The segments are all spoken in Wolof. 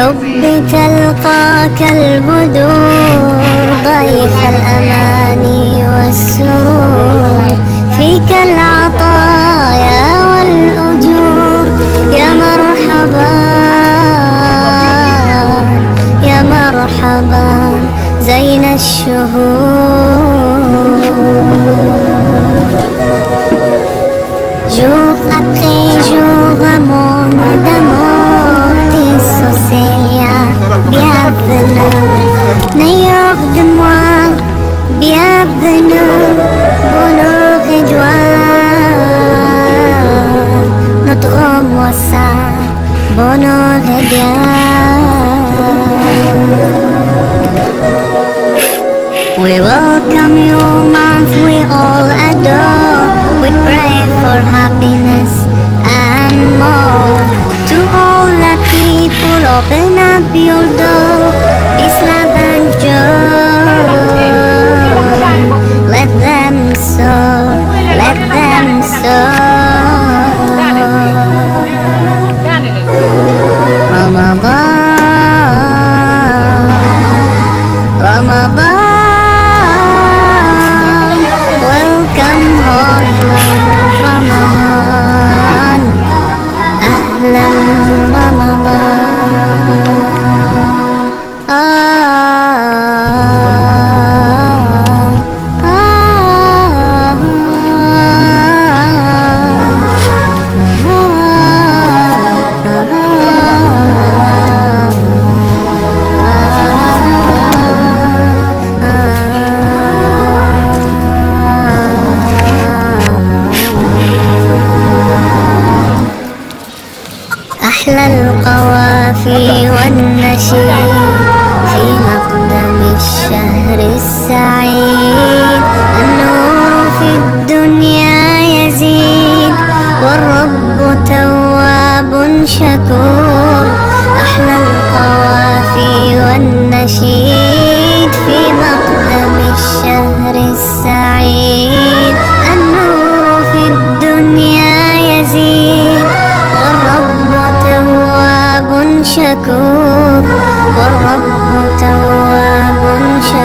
show. We welcome you, month we all adore. We pray for happiness and more. To all the people, open up your door. Peace, love, Let them soar.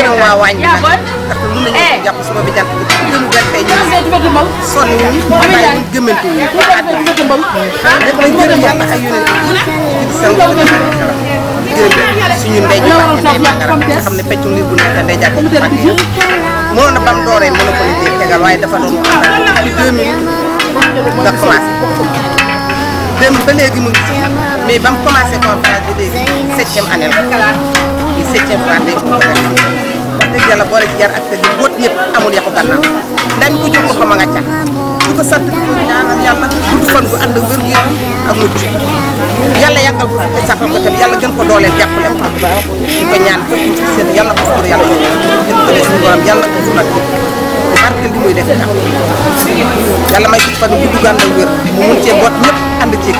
gën a waa wàññi nag parce que mën nañu jàpp suba bi jàpp gënu gerte ñu waaye ñu suñu ndey ñu bàcc ndey bàkkaram nga xam ne bam dooree mën na ko liggéey tegal waaye dafa doon àndal deux mille nga commencé dem ba léegi mu ngi mais bam commencé conférence bi léegi septième année septième fois day ko wax dëgg yàlla boole ci ak te di bóot yëpp amul yàqu gànnaaw dañ ko jox loxo ma nga ca di ko sant di ko ñaanal yàlla gudd fan bu ànd wér gi ak mucc yàlla yàggal ko te saxal ko tam gën ko dooleel jàppale ko di ko ñaan ko ci seen yàlla ko pour yàlla yóbbu gën ko def suñu borom yàlla ko sunat bu barkeel di muy def ndax yàlla may gudd fan bu ànd ak wér mu mun cee boot ñëpp ànd ceeg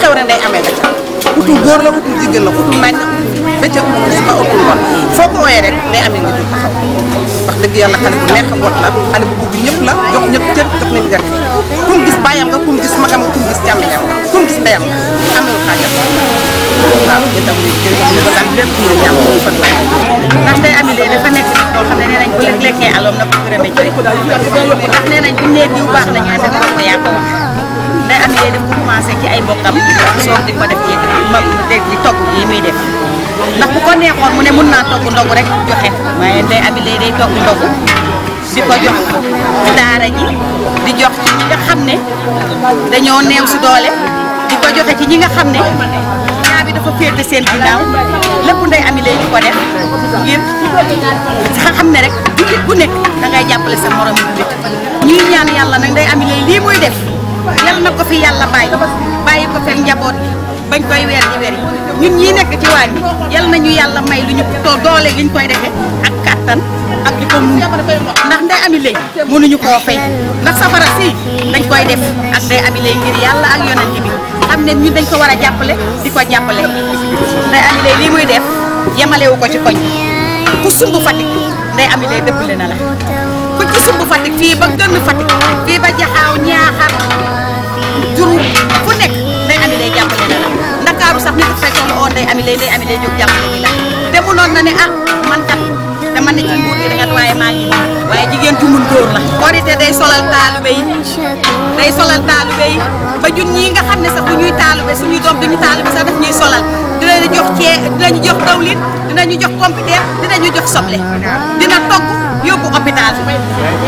xew rek day amee nga ca utul góor la utul jigéen la utul naaj la fecc ak moom musiba utul woon foo ko rek day amee nga jóg taxaw dëgg yàlla xale bu neex a boot la xale bu bugg ñëpp la jox ñëpp cër jox nañu gerte kum gis bàyyam nga kum gis magam kum gis càmmiñam nga kum gis ndeyam ndax day amee léegi dafa nekk loo xam ne nee bu lekkee aloom na ko gërëmee jëriñ ndax nee nañ bu nee diw baax na ñu ne dafa ko yàq wax day am yéen mu commencé ci ay mbokkam di togg yi muy def ndax bu ko neexoon mu ne mun naa togg ndogu rek joxe waaye day am léegi day togg ndogu di ko jox daara ji di si doole ko joxe ci ñi nga xam ne ñaa bi dafa féete seen ginnaaw lépp nday ami lay di ko def xam ne rek jullit bu nekk da ngay jàppale sa morom jullit ñuy ñaan yàlla nag nday ami lii muy def yal na ko fi yàlla bàyyi bàyyi ko fekk njaboot bi bañ koy weer di weer ñun ñii nekk ci waañ bi yal nañu yàlla may lu ñu too doole liñ koy defee ak kàttan ak di ko mun ndax nday ami léegi mënuñu koo fay ndax safara si dañ koy def ak nday ami léegi ngir yàlla ak yonent bi xam ne ñun dañ ko war a jàppale di ko jàppale nday ami léegi lii muy def yemalewu ko ci koñ ku sumb Fatick nday ami léegi dëppale na la ku ci sumb Fatick fii ba gën Fatick fii ba jaxaaw ñaaxar juru fu nekk day ami lay jàppale na la ndakaaru sax nit fekk la oo day ami lay day ami ah, gi rek waaye maa ngi waaye jigéen ju mun góor la korité day solal taalibe yi day solal taalibe yi ba jun nga xam ne sax bu ñuy taalibe suñuy doom duñu taalibe sax daf ñuy solal dinañu jox cee dinañu jox dawlin dinañu jox jox soble dina togg yóbbu hôpital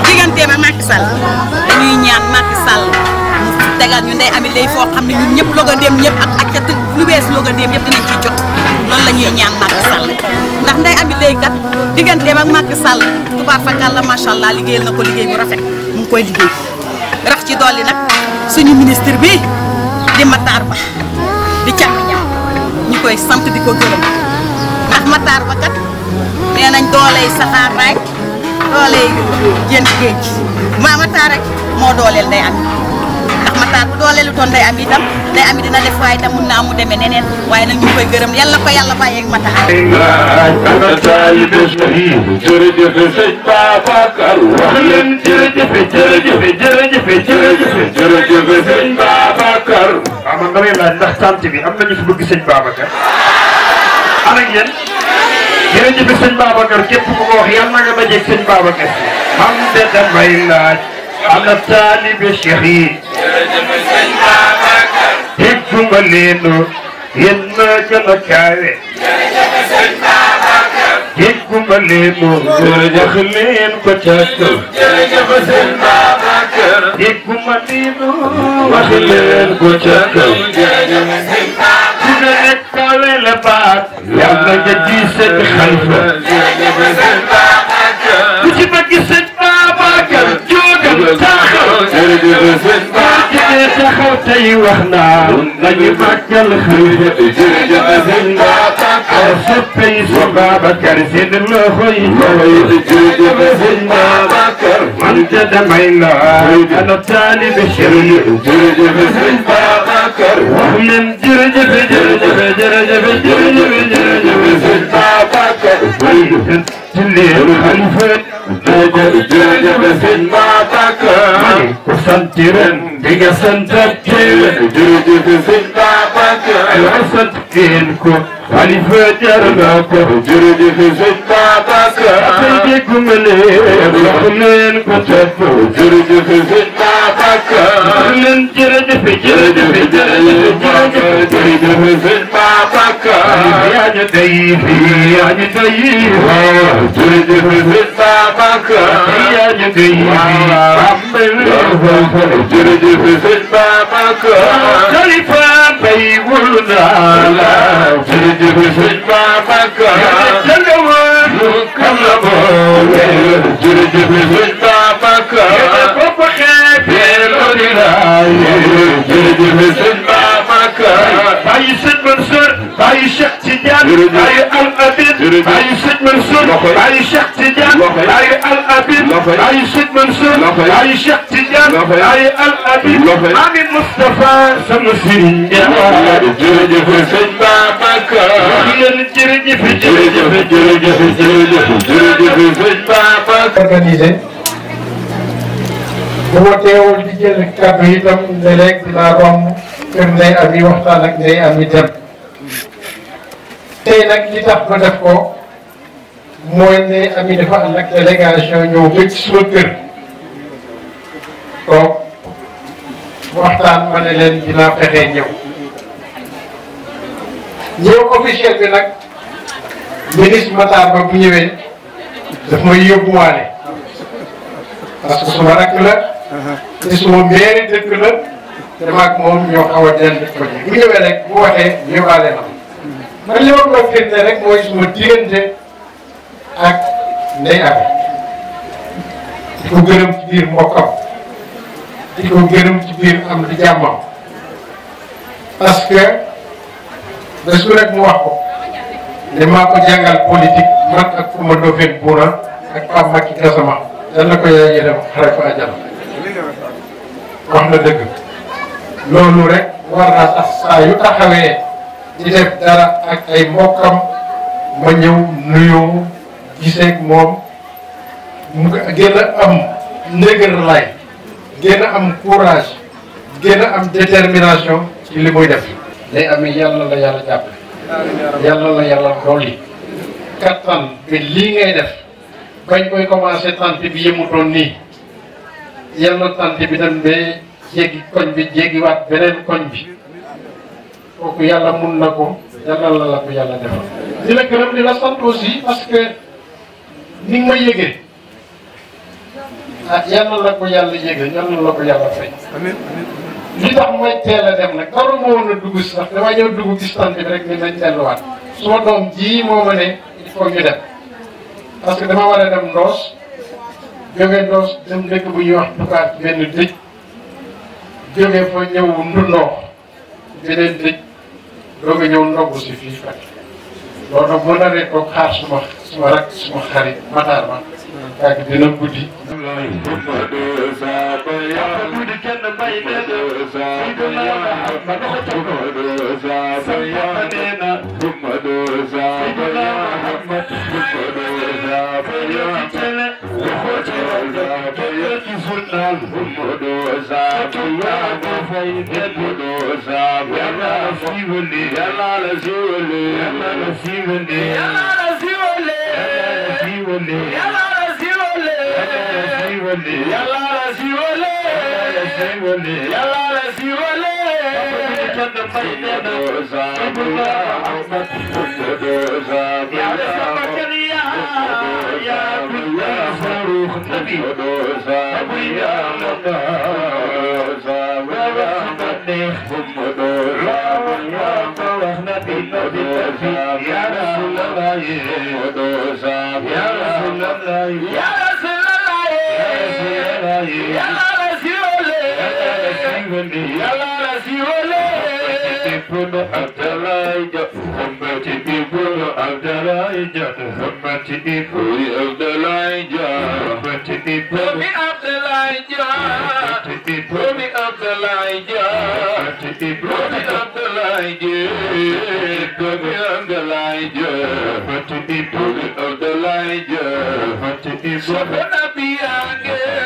digganteem ak Macky Sall ñuy ñaan Macky Sall mu tegal ñu ndey amit lay foo xam ne ñun ñëpp logandéem ñëpp ak ak cat lu bees logandéem yëpp dinañ ciy jot loolu la ñuy ñaan Macky Sall ndax ndey amit lay kat digganteem ak Macky Sall tubaab fakal la macha allah liggéeyal na ko liggéey bu rafet mu ngi koy liggéey rax ci dolli nag suñu ministre bi di Matar Ba di càmm ñaar ñu koy sant di ko gërëm ndax Matar Ba kat nee nañ dooley saxaar raay doole jënd géej ma Matar rek moo dooleel day am ndax Matar dooleelu toon day am itam day am dina def waaye itam mun naa mu demee neneen waaye nag ñu gërëm yàlla ko yàlla bàyyeeg Matar. jërëjëf sëñ Babacar wax leen jërëjëf jërëjëf jërëjëf jërëjëf sëñ Babacar. waaw man damay laaj ndax tante bi am na ñu fi bëgg sëñ Babacar. ana ngeen. jërëjëf sëñ Babacar képp ku ko wax yàlla na nga dajeeg sëñ Babacar. xam nga damay laaj. ana taalibe Cheikh yi. jërëjëf sëñ Babacar. déggu ma leen yéen naa gën a kaawe. jërëjëf sëñ Babacar. déggu ma leen jërëjëf leen ko càkkal. jërëjëf sëñ Babacar. déggu ma leen wax leen ko càkkal. jërëjëf sëñ Babacar. kawe la baat yàlla nga ji sëñ xalifa ku ci bëgg sëñ Babacar jóogal taxaw jigee taxaw tey wax naa nañu màggal xalifa aw soppe yi sa Babacar seen loxo yi man de damay la ana taalibe chéri jërëjëf sëñ Babacar ñun jërëjëf jërëjëf jërëjëf jërëjëf jërëjëf sëñ Babacar. julli xalifa. jërëjëf sëñ Babacar. sant ren di nga sant ak déwén. jërëjëf sëñ Babacar. الحسن فينكو خليفة جرناك جرد في زين باباك أخرجكم منهم لحنين كتف جرد في زين باباك من جرد في جرد في جرد في جرد في جرد في زين باباك يا جديفي يا جديفي جرد في زين باباك يا جديفي رب الله جرد في زين باباك خليفة bay wul naa la sëriñ bi sëriñ Bamba Ka jëlewal lu kam la booleel sëriñ bi sëriñ Bamba Ka bopp xeeb bi sëriñ Bamba Ka bàyyi al abid bàyyi sëñ Mansour bàyyi Cheikh Tidiane bàyyi al abid bàyyi sëñ Mansour bàyyi Cheikh Tidiane bàyyi al abid maami Moustapha sama sëriñ jërëjëf sëñ Babacar jërëjëf jërëjëf jërëjëf jërëjëf jërëjëf sëñ Babacar organisé bu ma teewul di jël kàddu itam léeg-léeg dinaa ko am kër Ndeye Amy waxtaan ak Ndeye Amy itam tey nag li tax ma def ko mooy ne ami dafa ànd ak délégation ñëw ba ci suma kër ko ma ne leen dinaa fexe ñëw ñëw officiel bi nag ministre Matar Ba bu ñëwee daf may yóbbuwaale parce que suma rakk la te suma mairie dëkk la dama ak moom ñoo xaw a dend projet ñëwee rek bu waxee yóbbaale na man li ma ko firnde rek mooy suma diggante ak ndey ak di ko ci biir mbokkam di ko gërëm ci biir am di jàmmam parce que rek mu wax ko ne maa ko jàngal politique man ak kuma Ndofène Bouna ak Pape Macky Gassama dan na ko yaay dem xare ko àjjana wax na dëgg loolu rek war naa tax saa yu taxawee di def dara ak ay mbokkam ma ñëw nuyoo giseeg moom mu gën am ndëgër lay gën a am courage gën am détermination ci li muy def day amee yàlla la yàlla jàpp yàlla la yàlla dolli kattan bi lii ngay def bañ koy commencé tante bi yëmutoon nii yàlla tante bi dem ba jéggi koñ bi jéggiwaat beneen koñ bi kooku yàlla mun na ko yàlla la ko yàlla defal di la gërëm sant aussi parce que ni nga ma yégee ah yàlla la ko yàlla yëgee yàlla la ko yàlla fay li tax mooy teel a dem nag waru ma woon a dugg si sax dama ñëw dugg gis tant bi rek ni nañ delluwaat suma doom jii moo ma ne il faut ñu dem parce que dama war a dem ndoos jóge ndoos dem dëkk bu ñuy wax tukaat benn dëj jóge fa ñëw ndundoox beneen dëj doog a ñëw ndogu si fii Fatick loolu nag mën na ne toog xaar suma suma rak suma xarit Matar ma kàgg dina guddi. siiwale yàlla la siiwale yàlla la siiwale yàlla la siiwale yàlla la siiwale yàlla la siiwale yàlla la siiwale يا يلا رسول الله people of Dalaija, Ummati people of Dalaija, Ummati people of Dalaija, Ummati people of Dalaija, Ummati people of Dalaija, Ummati people of Dalaija, Ummati people of Dalaija, Ummati people of Dalaija,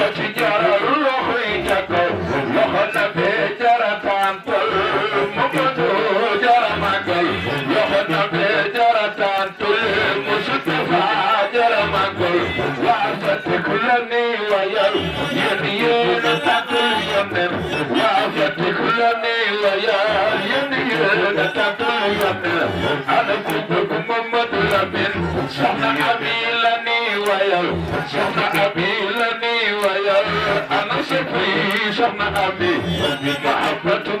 tàntal mu gudd jara màggal loxo nabi jara tàntal mu Mustafa jara màggal waa Fatick la ni wayal yéen yéen a tàntal yonent waa Fatick la ni wayal yéen yéen a tàntal yonent ana ku bëgg Mamadou Lamine soxna Ami la ni wayal soxna Ami la ni wayal ana sëñ bi soxna Ami mahabbatu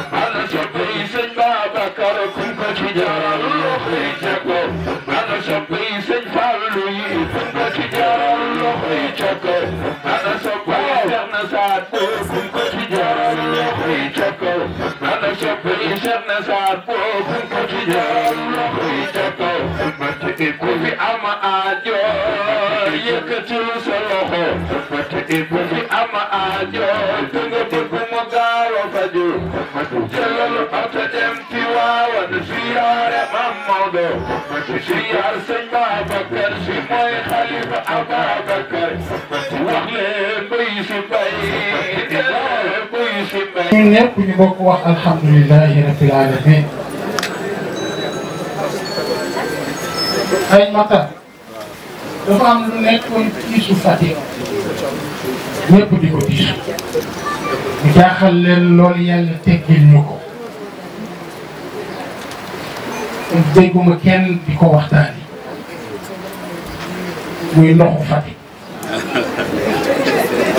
تجارة لخرجكم أنا سبيس فعلي تجارة لخرجكم أنا سبيس نسعدكم تجارة لخرجكم أنا سبيس نسعدكم تجارة لخرجكم فتئكوا في أمعاجو يكتل سلوخو فتئكوا في أمعاجو تنقبكم مقارفة جو جلال أتدم ziyaare Maam Maodo di ziyaar sëñ Babacar Si mooy xalifa Ababacar wax leen bëy si bay bëy si bay ñun ñëpp ñu bokk wax alhamdulilahi rabbil alamin ay mata dafa am lu nekkoon tiisu Fatick ñëpp di ko tiisu ñu jaaxal leen loolu yàlla teggil ñu ko dégguma kenn di ko waxtaani muy ndoxu Fatick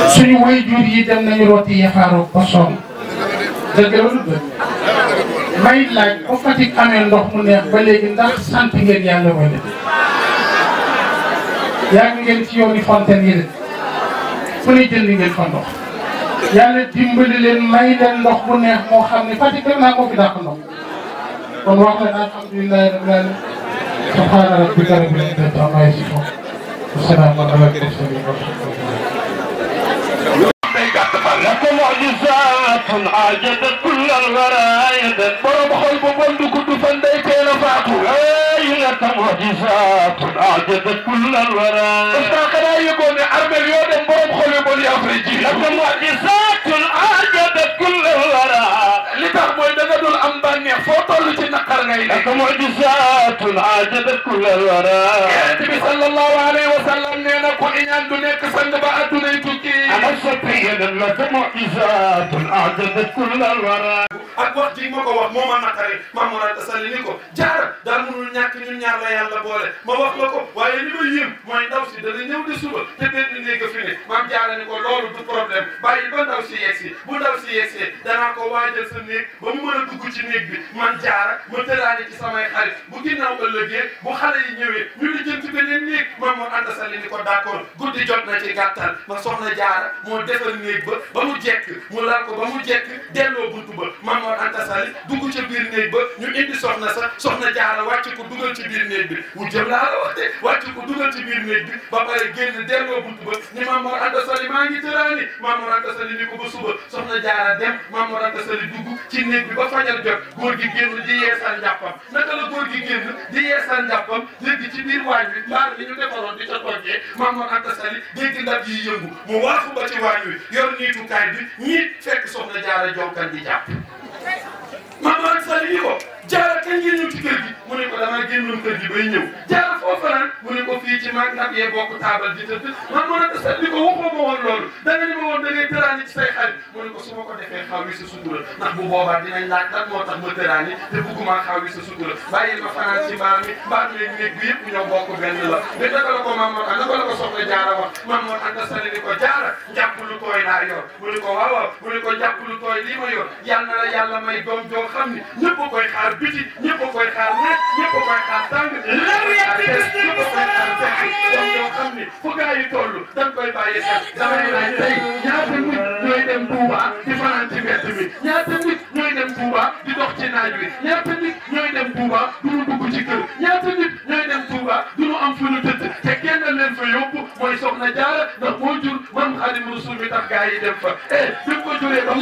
suñu waajur yi dem nañu rooti yafaaroo ba sonn dëgg la lu dëgg may laaj ba Fatick amee ndox mu neex ba léegi ndax sant ngeen yàlla wala yaa ngi ngeen ci yooni fontaine yi de fu ne jënd ngeen fa ndox yàlla dimbali leen may leen ndox bu neex moo xam ne Fatick dem naa ko fi dàq ndox kon wax leen alhamdulilah rabbil alamin subhaana rabbika rabbil izzati ammaa yasifuun wassalaamu alal mursaliin لكم معجزات عاجبت كل الغرايد برب خلب بندك دفنديك نفاتو اي لك معجزات عاجبت كل الغرايد استاقنا يقول ارمي اليوم برب خلب الافريجي لكم معجزات la neex foo toll ci naqar ngay nekk. ak mu'jizaatun aajabat kulla al-waraa. yonent bi sallallahu alayhi wa sallam. na ku iñaan du nekk sang ba addunay tukki ana sabiyan la ta mu'jizatun a'jabat kull al-wara ak wax ji ma ko wax moo ma naqari ma mën a tasali ni ko jaar daal mënul ñàkk ñun la boole ma wax la ko waaye li ma yéem mooy ndaw si dana suba te benn néeg a fi ne maam ni ko loolu du ko waajal sa néeg ba mu mën a dugg ci néeg bi man jaara ma tëraani ci samay xarit bu ginnaaw ëllëgee bu xale yi ñëwee ñu lijjanti beneen néeg maam moo ànd tasali ni ko d'accord guddi jot na ci gàttal ma soxna jaara moo defar néeg ba ba mu jekk mu lal ko ba mu jekk delloo buntu ba Mamoor Anta dugg ca biir néeg ba ñu indi soxna sa soxna jaara wàcc ko dugal ci biir néeg bi wu jëm laa la wax de ko dugal ci ba pare génn delloo ba ni maa ngi tëraani Mamoor Anta Sali ko ba suba soxna jaara ci néeg ba fajar jot góor di yeesal njàppam naka di yeesal ci biir waañ bi li ñu defaroon di ca mamoon antasali dégg ndab yi yëngu mu waaxu ba ci waañ wi yor niitukaay bi ñiit fekk soxna jaara jonkan di jàpp mamoon antasali ni ko jaara kañ ngeen ñëw ci jaara foofa naan mu ne ko fii ci mag nag yee bokk taabal ji tëdd man ma nag sat bu biti ñëpp a koy xaar nekk ñëpp a i xaar tàng. a koy xaar fekk kon ñoo xam dem Touba ñooy dem Touba di dox ci naaj wi ñaata nit ñooy dem Touba du ñu dugg ci kër ñaata nit ñooy dem Touba du ñu am fu ñu tëdd te kenn leen fa yóbbu mooy soxna Jaara ndax moo jur man Xaadimu Rasuul mi tax gaa yi dem fa eh bi mu ko juree ba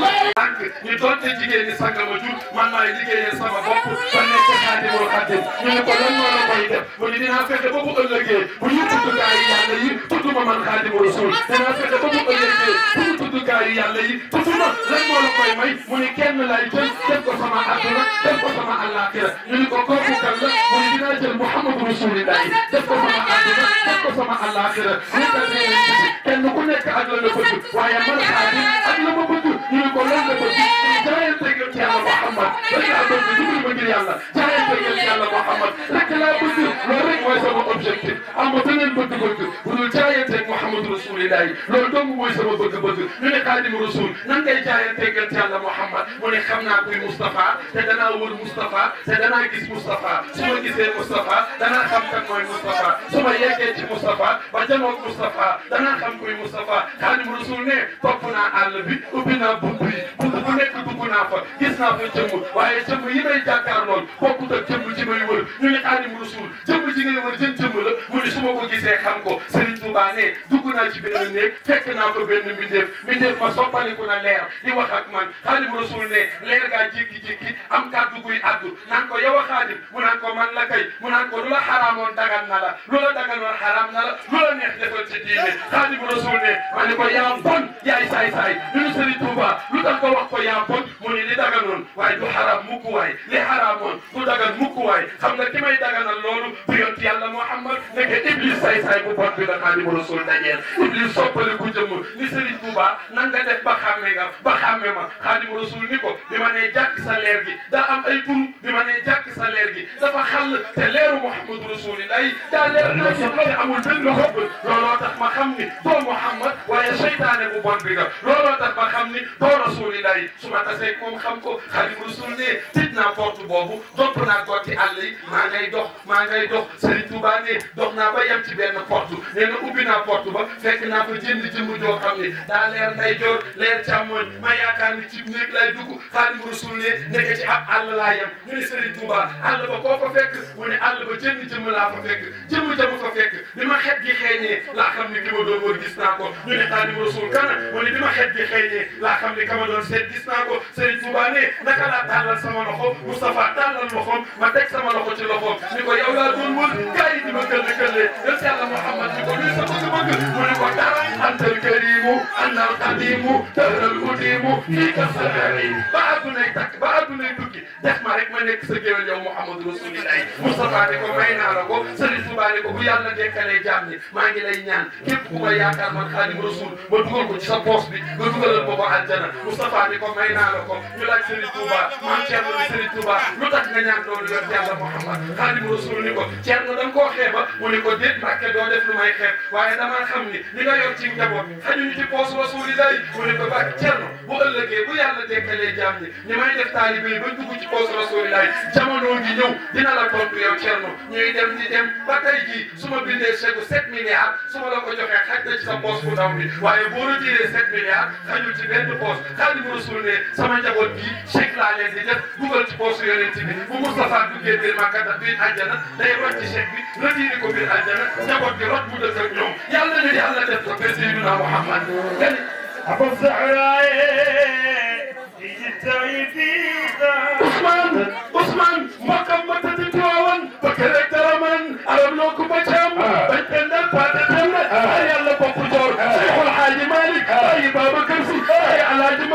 àgg ñu doonte jigéen ñi sanga ma jur man maay liggéeyee sama bopp ba nekk Xaadimu Xaadim ñu ne ko lan moo la koy def mu ne dinaa fexe ba bu ëllëgee bu ñu tudd gaa yi yàlla yi tudd ma man Xaadimu Rasuul dinaa fexe ba bu ëllëgee bu ñu tudd gaa yi yàlla yi tudd ma lan moo la koy may mu ne kenn la waaye jël def ko sama àdduna def ko sama àllaaxira ñu ni ko kooku kan la mu ni dinaa jël Muhammadu Rasulillahi def ko sama àdduna def ko sama àllaaxira ñu ko kenn ku nekk ak la la bëgg waaye man xaadim ak la ma bëgg ñu ni ko lan la bëgg yàlla Muhammad rek laa bëgg jublu ma ngir yàlla jaayante ngeen ci yàlla Muhammad rek laa bëgg loolu rek mooy sama objectif am ma beneen bëgg-bëgg bu dul jaayanteeg Muhammad rasulillahi loolu dong mooy sama bëgg-bëgg ñu ne xaadim rasul nan ngay jaayante ngeen ci yàlla Muhammad mu ne xam naa kuy Moustapha te danaa wër Moustapha te danaa gis Moustapha su ma gisee Moustapha danaa xam kan mooy Moustapha su ma yeggee ci Moustapha ba janoog Moustapha danaa xam kuy Moustapha xaadim rasul ne topp naa àll bi ubbi naa bunt yi bunt bu nekk dugg naa fa gis naa koy jëmm waaye jëmm yi may jàkkaar lool bokkut ak jëmm ji may wër ñu ne Xaadimu Rasuul jëmm ji ngay wër jëm jëmm la mu ne su ma ko gisee xam ko Serigne Touba ne dugg naa ci benn néeg fekk naa ko benn mbindeef mbindeef ma soppaliku na leer di wax ak man Xaadimu Rasuul ne leer gaa jékki-jékki am kàddu guy addu naan ko yow a xaadim mu naan mu naan ko lu la xaraamoon dagan na la lu la daganoon xaraam na la lu la neex defal ci diine Xaadimu ma ne ko yaa bon yaay saay saay ñu Serigne Touba lu tax ko wax ko yaa bon mu ne li dagan daganoon waaye du xaraam mukk waay li xaraamoon du dagan mukk waay xam nga ki may daganal loolu bu yont yàlla Muhammad nekk Iblis say-say bu bon bi la Xaadimu Rasul dajeel Iblis soppali ku jëmm ni Serigne Touba nan nga def ba xàmme nga ba xàmme ma Xaadimu Rasul ni ko bi ma nee jàkk sa leer gi daa am ay tur bi ma nee jàkk sa leer gi dafa xàll te leeru Muhammadu Rasulillahi daa leer na soxla amul benn xob looloo tax ma xam ni doo Muhammad waaye seytaane bu bon bi nga looloo tax ma xam ni doo Rasulillahi su ma tasee moom xam ko ko Xaadimu Rasuul ne tëj naa porte boobu topp naa ko ci àll yi maa ngay dox maa ngay dox Serigne Touba ne dox naa ba yem ci benn porte nee na ubbi naa porte ba fekk naa fa jënd jëmm joo ni ci néeg lay dugg fekk mu ne àll fekk bi ma xet gi xeeñee laa xam ne ki ma doon wër ko ñu ne Xaadimu kana mu bi ma xet gi xeeñee laa xam ne ka ma doon seet ne naka laa tàllal sama loxo Moustapha tàllal loxoom ma teg sama loxo ci loxoom ni ko yow laa doon wër gars yi di ma këll këllee yonent Yàlla Muhammad ni ko luy sa bëgg-bëgg mu ni ko dara antal karimu annal qadimu tëral udimu fii ka safari ba addunay takk ba addunay tukki def ma rek ma nekk sa géwél yow Muhammadu Rasulillahi Moustapha ne ko may naa la ko Sëriñ Tuubaa ne ko bu yàlla dekkalee jaam ni maa ngi lay ñaan képp ku ma yaakaar man Xaadimu Rasul ma dugal ko ci sa poos bi nga dugalal ko ko aljana Moustapha ne ko may naa la ko Baay Serigne Touba maam Thierno di Serigne Touba lu tax nga ñaan loolu yor yàlla Muhammad Xaadimu Rasuul ni ko Thierno da nga koo xeeba mu ni ko déet Mbàkke doo def lu may xeeb waaye damaa xam ni li nga yor ci njaboot xajuñu ci poos Rasuulillaahi mu ni ko Mbàkke Thierno bu ëllëgee bu yàlla dekkalee jaam ñi ni may def taalibe yi bañ dugg ci poos Rasuulillaahi jamono ngi ñëw dina la tontu yow Thierno ñuy dem di dem ba tey jii su ma bindee chèque sept milliards su ma la ko joxee xaj na ci sa poos bu ndaw bi waaye boo retiré sept milliards xajul ci benn poos Xaadimu Rasuul ne sama njaboot bi yi chèque laa leen di def dugal ci poche yonent bi bu Moustapha duggee biir Makka da biir àjjana day rot ci chèque bi retiré ko biir àjjana njaboot bi rot bu dëkk ak ñoom yàlla na yàlla def ko ba Seydina Muhammad léegi. أبو الزهراء يجتعي فيك عثمان عثمان ما كان متتتواون بكرة درمان أرم لوكو بجام بجتندر فاتتن هيا الله بوكو جور شيخ الحاج مالك أي بابا كرسي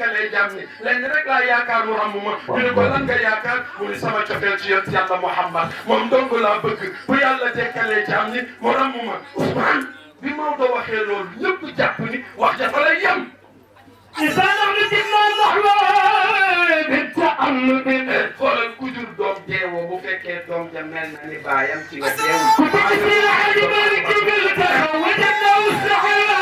dekkalee jàmm ni lenn rek laa yaakaar mu ràmm ma ñu ne ko lan nga yaakaar mu ni sama cofeel ci yéen yàlla Muhammad moom dong laa bëgg bu yàlla dekkalee jàmm ni mu ràmm ma Ousmane bi Maodo waxee loolu ñëpp jàpp ni wax jafa lay yem isaanam li dinaa naxla bi taamul bi xoolal ku jur doom deewoo bu fekkee doom ja mel na ni baayam ci nga deewul ku bëgg si la xaji malik bi taxaw wa jannaw saxawa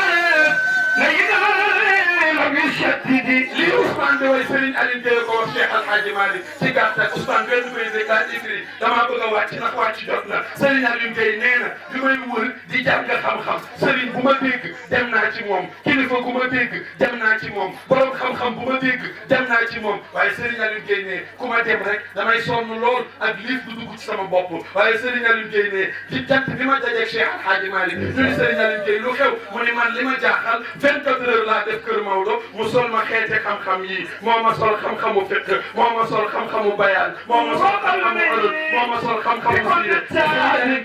la yinaale ñoom ñuy seet di di lii Ousmane di way Serigne Alioune Gueye ko wax Cheikh Alhaji Malick ci gàttal Ousmane benn président daa écrit damaa bëgg a wàcc nag wàcc jot na Serigne Alioune Gueye nee na li may wër di jàng xam-xam Serigne bu ma dégg dem naa ci moom kilifa bu ma dégg dem naa ci moom borom xam-xam bu ma dégg dem naa ci moom waaye Serigne Alioune Gueye nee ku ma dem rek damay sonn lool ak liif du dugg ci sama bopp waaye Serigne Alioune Gueye nee di jant bi ma dajeeg Cheikh Alhaji Malick ñu ne Serigne Alioune Gueye lu xew mu ne man li ma jaaxal 24 heures laa def kër Maodo ko mu sol ma xeeti xam-xam yii moo ma sol xam-xamu fiqh moo ma sol xam-xamu bayaan moo ma sol xam-xamu ulum moo ma sol xam-xamu siire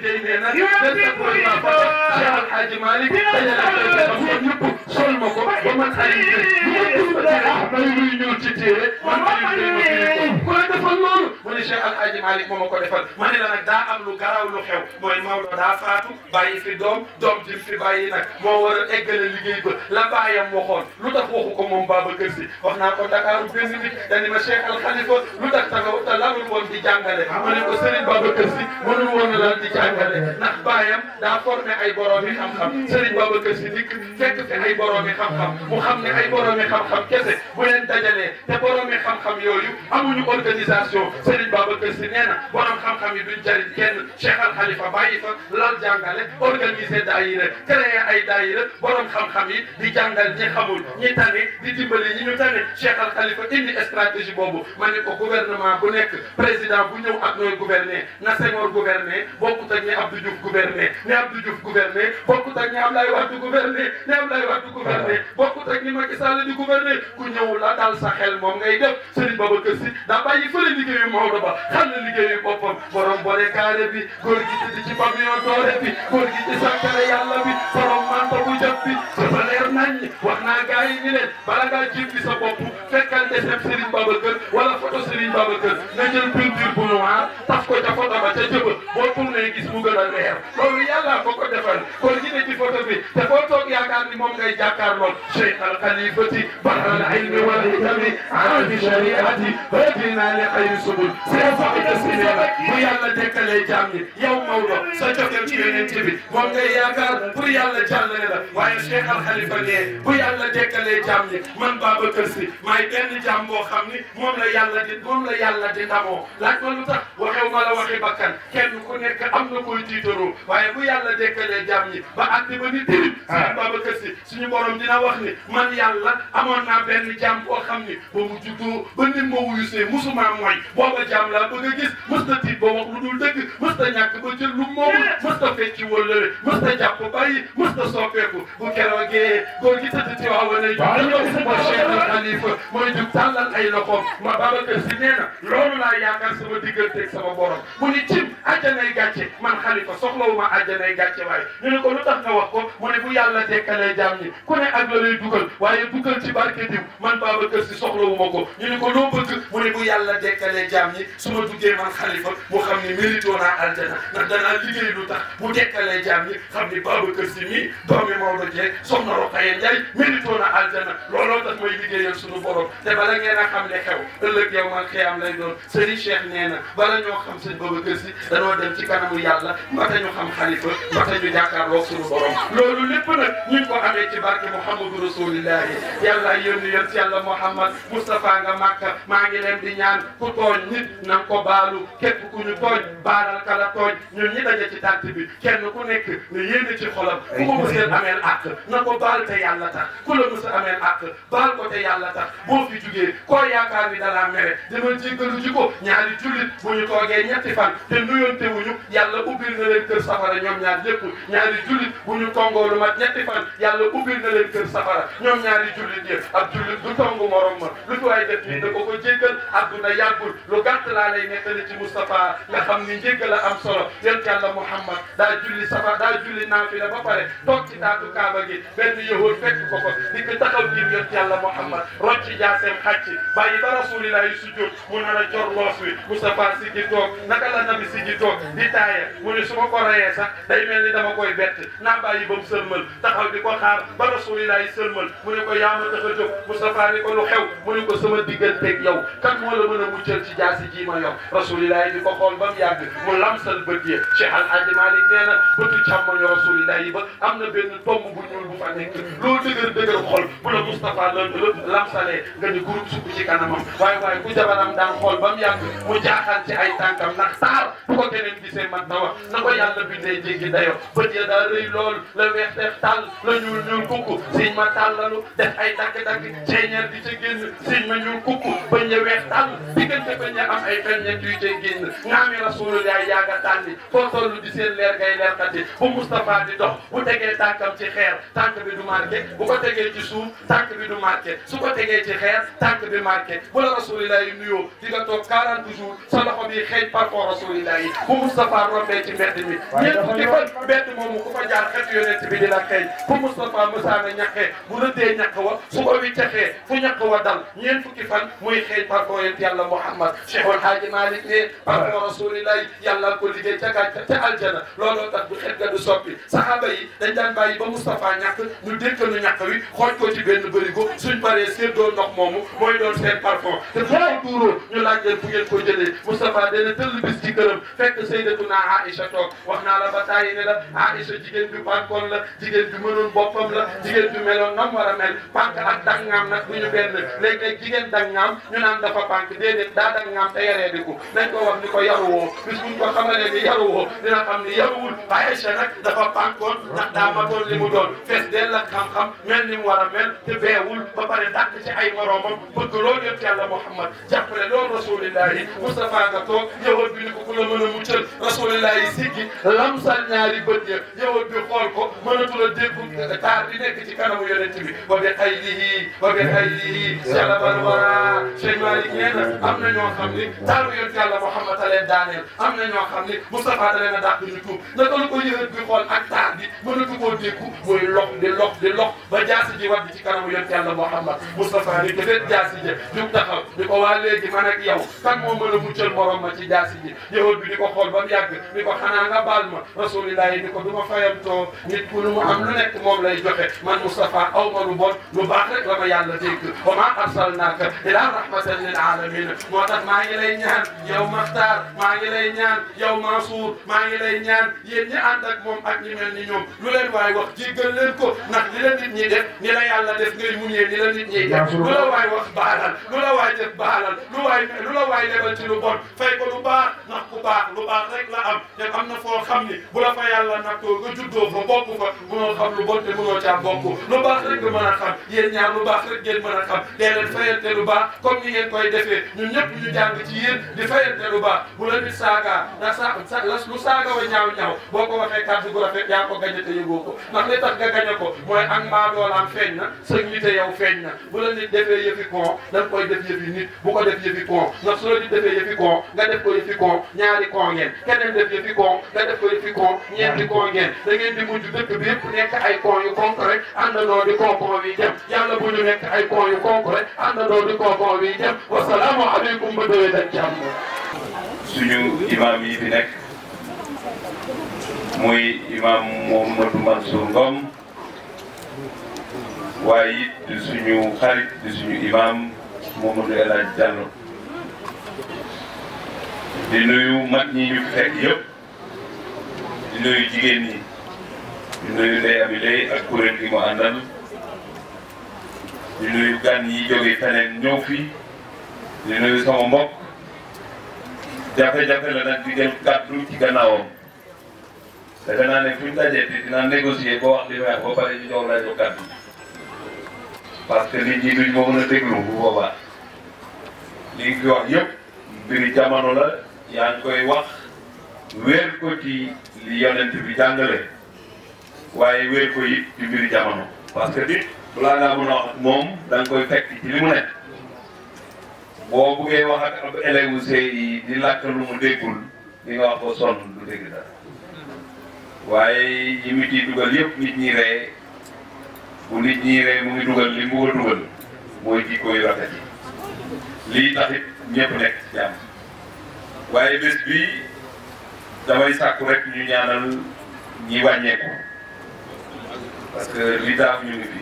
Alioune Gueye nee na benn boy laa ko def Cheikh Al Hadj Malick dajale ak xam ñoom ñëpp sol ma ko ba man Alioune Gueye ñu ko may luy ñëw ci téere man Alioune Gueye ma ko la defal loolu mu ne Cheikh Al Hadj Malick moo ma ko defal ma ne la nag daa am lu garaaw lu xew mooy Maodo daa faatu bàyyi fi doom doom jim fi bàyyi nag moo war a eggale liggéey ba la bàyyam waxoon lu tax waxu ko moom Babacar Sy wax naa ko Dakar benn nit dañu ma Cheikh Al Khalifa lu tax taxaw te lalul woon di jàngale ma ne ko Serigne Babacar Sy mënul woon lal di jàngale ndax baayam daa formé ay boroomi xam-xam Serigne Babacar Sy dikk fekk fi ay boroomi xam-xam mu xam ne ay boroomi xam-xam kese bu leen dajalee te boroomi xam-xam yooyu amuñu organisation Serigne Babacar Sy nee na borom xam-xam yi duñ jariñ kenn Cheikh Al Khalifa bàyyi fa lal jàngale organiser daayira créer ay daayira borom xam-xam yi di jàngal ñi xamul ñi di dimbali ñi ñu tane Cheikh Al Khalifa indi stratégie ma ne ko gouvernement bu nekk président bu ñëw ak nooy gouverner na Senghor gouverner bokkut ak ñi Abdou Diouf gouverner ñi Abdou Diouf gouverner bokkut ak ñi Abdoulaye Wade gouverner ñi Abdoulaye di gouverner ku la dal sa xel moom ngay def Serigne Babacar Sy daa bàyyi fële liggéeyu Maodo ba xam na liggéeyu borom bore carré bi góor gi tëdd ci pavillon doore bi góor gi leen bala ngaa jébbi sa a fekkal desem Serigne Babacar wala photo Serigne Babacar nga jël peinture bu noir taf ko ca photo ba ca jëba boo tourné gis mu gën a leer loolu yàlla ko ko defal kon ñi ne ci photo bi te boo toog yaakaar ni moom ngay jàkkaarlool Cheikh al Khalifati bahral ilmi wal hikami arabi shariati hadina li xayri subul see faxi tasmine la bu yàlla dekkalee jaam ñi yow Maodo sa jokkeel ci yeneen ci bi moom ngay yaakaar pour yàlla jàllale la waaye Cheikh al Khalifa ne bu yàlla dekkalee jaam ñi man Babacar Sy maay benn jaam boo xam ni moom la yàlla di moom la yàlla di ndamoo laaj ma lu tax waxew ma la waxi bakkan kenn ku nekk am na koy tiitaroo waaye bu yàlla dekkalee ah. dina wax ni man yàlla amoon naa benn jaam boo xam ni ba mu juddoo ba nit ma wuyu see musuma mooy booba jaam laa bëgg a gis mës ta wax lu dul dëgg mës ta ñàkk ba jël lu moomul mës ta fecci wëllëre mës ta jàpp bàyyi mës ta soppeeku bu keroogee waaw ñoom mooy Cheikh al Khalifa mooy jug tàllal ay loxoom ma Babacar ni cim àjjanay ko lu tax nga wax ko mu ne bu yàlla dekkalee jaam la lay dugal waaye dugal ci barke diw man Babacar ko ñu ko loo bëgg mu ne bu yàlla dekkalee jaam man Khalifa mu xam ni mérite woon naa aljana ndax danaa liggéey lu tax bu dekkalee jaam ñi xam ni Babacar si mii doomi Maodo Dieng soxna Rokhaya Ndiaye mérite woon aljana àjjana looloo tax mooy liggéeyal suñu borom te bala ngeen a xam ne xew ëllëg yow man xiyaam lay doon sëriñ Cheikh nee na bala ñoo xam sëñ Babacar Si danoo dem ci kanamu yàlla xam xalifa mbata ñu jàkkaarloog suñu borom loolu lépp nag ñu ngi ko amee ci barke Mouhamadou Rasulillahi yàlla yónni yéen si yàlla Mouhamad Moustapha nga Màkka maa ngi leen di ñaan ku tooñ nit na nga ko baalu képp ku ñu tooñ baalal kala tooñ ñun ñi daje ci tànt bi kenn ku nekk ne yéen ci xolam ku ko mos a ameel àq na ko baal te yàlla tax ku la mos a ameel ak baal ko te yàlla tax boo fi jugee koo yaakaar ni dalaa mere dama jéggalu ji ko ñaari jullit bu ñu toogee ñetti fan te nuyonte wuñu yàlla ubbil na leen kër safara ñoom ñaar ñëpp ñaari jullit bu ñu tongoo lu mat ñetti fan yàlla ubbil na leen kër safara ñoom ñaari jullit yëpp ak jullit du tongu morom ma lu ci waay def nii da ko ko jéggal adduna yàggul lu gàtt laa lay nettali ci Moustapha nga xam ni njéggal a am solo yent yàlla Muhammad daa julli safa daa julli naafila ba pare toog ci taatu kaaba gi benn yahóor fekk ko ko di ko tax taxaw ngir yont yàlla Muhammad rocci jaaseem xàcc bàyyi ba rasulillah yi sujjóot mu nar a jor loos wi Moustapha si ji toog naka la nabi si ji toog di taaye mu ne su ma ko rayee sax day mel ni dama koy bett naa bàyyi ba mu sëlmal taxaw di ko xaar ba rasulillah yi sëlmal mu ne ko yaa ma tax a jóg Moustapha ni ko lu xew mu ne ko sama digganteeg yow kan moo la mën a muccal ci jaasi ji ma yow rasulillah yi di ko xool ba mu yàgg mu lamsal bët yi Cheikh Al Hadj Malick nee na bëtu càmmoñ rasulillah yi ba am na benn tomb bu ñuul bu fa nekk loo dëgër dëgër xol bu la Moustapha la lamsalee nga ni groupe sukk ci kanamam waaye waaye ku jabaram daan xool ba mu yàgg mu jaaxaan ci ay tànkam ndax taar bu ko keneen gisee mat na wax na ko yàlla bindee jéggi dayo bët ya daa rëy lool la weex def tàll la ñuul ñuul kukku siñ ma tàllalu def ay dakk-dakk ceeñeer di ci génn siñ ma ñuul kukku bañ a weex tàll diggante bañ a am ay ferñeent yu cay génn ngaami rasulullah yaaga tànni foo toll di seen leer ngay leerkati bu Moustapha di dox bu tegee tànkam ci xeer tànk bi du marqué bu ko tegee ci suuf tànk bi du marqué su ko tegee ci xeer tànk bi marqué bu la rasulillah yi nuyoo di nga toog 40 jours sa loxo bi xëy parcours rasulillah yi bu Moustapha rombee ci mbedd mi ñeent fukki fan mbedd moomu ku ko jaar xeetu yonent bi dina xëy bu Moustapha mosaana ñaqee bu rëddee ñaq wa su ko wi texee fu ñaq dal ñeent fukki fan muy xëy parcours yonent yàlla Muhammad Cheikhul Haaji Malick ne parcours rasulillah yi yàlla ko liggéey ca gàcce ca aljana looloo tax bu xet benn bërigo suñ paree seen doon ndox moomu mooy doon seen parfum te foofu duuroo ñu laaj leen fu ngeen ko jëlee Moustapha dana tëll bis ci këram fekk Seydatuna Aïcha toog wax naa la ba tàyyi ne la Aïcha jigéen bi bànkoon la jigéen bi mënoon boppam la jigéen bi meloon nam war a mel pànk ak dangaam nag bu ñu benn léeg-léeg jigéen dangaam ñu naan dafa pànk déedéet daa dangaam te yaree di ko nañ ko wax ni ko yaruwoo bis buñ ko xamalee ni yaruwoo dina xam ni yaruwul Aïcha nag dafa pànkoon ndax daa magoon li mu doon fees deel la xam-xam mel ni mu war a mel te beewul ba pare dàq ci ay moroomam bëgg loo jot yàlla Muhammad jàppale loolu rasulillahi Moustapha nga toog yowat bi ni ko ku la mën a muccal rasulillahi siggi lamsal ñaari bët ya yowat bi xool ko mënatula dégg taar bi nekk ci kanamu yonent bi bi xayrihi bi xayrihi jalabal wara Cheikh Malick nee na ni taaru yonent yàlla Muhammad a leen daaneel am na ñoo ni Moustapha da leen a dàq ñu tuub naka la ko yowat bi xool ak taar di lox a lox ba ci kanamu yonent yàlla Muhammad Moustapha ni gëneen jaasi ji jug taxaw ni ko waa léegi man ak yow kan moo mën a muccal morom ma ci jaasi ji yahud bi di ko xool ba mu yàgg ni ko xanaa nga baal ma rasulillahi ni ko du ma fayantoo nit ku lu mu am lu nekk moom lay joxe man Moustapha aw ma lu bon baax rek la ma yàlla dégg wa maa arsalnaaka ilaa rahmatan lil aalamiin moo tax maa ngi lay ñaan lay ñaan yow Mansour ak moom ak ñi mel ni ñoom lu leen waay wax jéggal leen ko ni la yàlla yàlla def ngay muñee ni la nit ñiy def lu la waay wax baalal lu la waay def baalal lu waay lu la waay lebal ci lu bon fay ko lu baax ndax ku baax lu baax rek la am te am na foo xam ni bu la fa yàlla nattoo nga juddoo fa bokk fa mënoo xam lu bon te mënoo caa bokk a xam yéen lu baax rek ngeen mën a xam dee leen lu baax comme ni ngeen koy defee ñun ñëpp ñu jàng ci yéen di lu baax bu la nit saagaa ndax sa lu saaga wa ñaaw ñaaw boo ko waxee kàddu gu te yëgoo ko ndax li tax nga gañe ko sëñ nite yow feeñ na bu la nit defee yëfi kon dañ koy def yëfi nit bu ko def yëfi kon ndax su la nit defee yëfi kon nga def ko yëfi kon ñaari kon ngeen keneen def yëfi kon nga def ko yëfi kon ñeenti kon ngeen da ngeen di mujj dëkk bi yëpp nekk ay kon yu konk rek àndandoo di konkon wi dem yàlla bu ñu nekk ay kon yu konk rek àndandoo di konkon wi dem wasalaamu aleykum ba déwee dañ ci am suñu imaam yi fi nekk muy imaam Mouhamadou Mansour Ngom waaye it di suñu xarit di suñu imam Momadou El Hadj Diallo di nuyu mag ñi fekk yëpp di nuyu jigéen ñi di nuyu Ndeye Amy ak kuréel gi mu àndal di nuyu gan yi jóge feneen ñëw fii di nuyu sama mbokk jafe-jafe la nag di jël kàddu ci gannaawam defe naa ne fu ñu dajee dinaa négocier boo wax li may pare ñu jox parce que nit ñi duñ ko mën a déglu bu boobaa li nga wax mbiri jamono la yaa ngi koy wax wéer ko ci li yonent bi jàngale waaye wéer ko it ci mbiri jamono parce que nit balaa wax moom da nga koy li mu nekk boo buggee wax ak ab élève see di làkk lu mu déggul li nga wax ko sonn du dégg dara waaye yi mu ciy dugal yëpp nit ñi ree bu nit mu ngi dugal li mu war a dugal mooy jikko yu rafet yi lii taxit ñëpp nekk ci jàmm waaye bés bi damay sàkku rek ñu ñaanal ñi wàññeeku parce que li daaw ñu ngi fi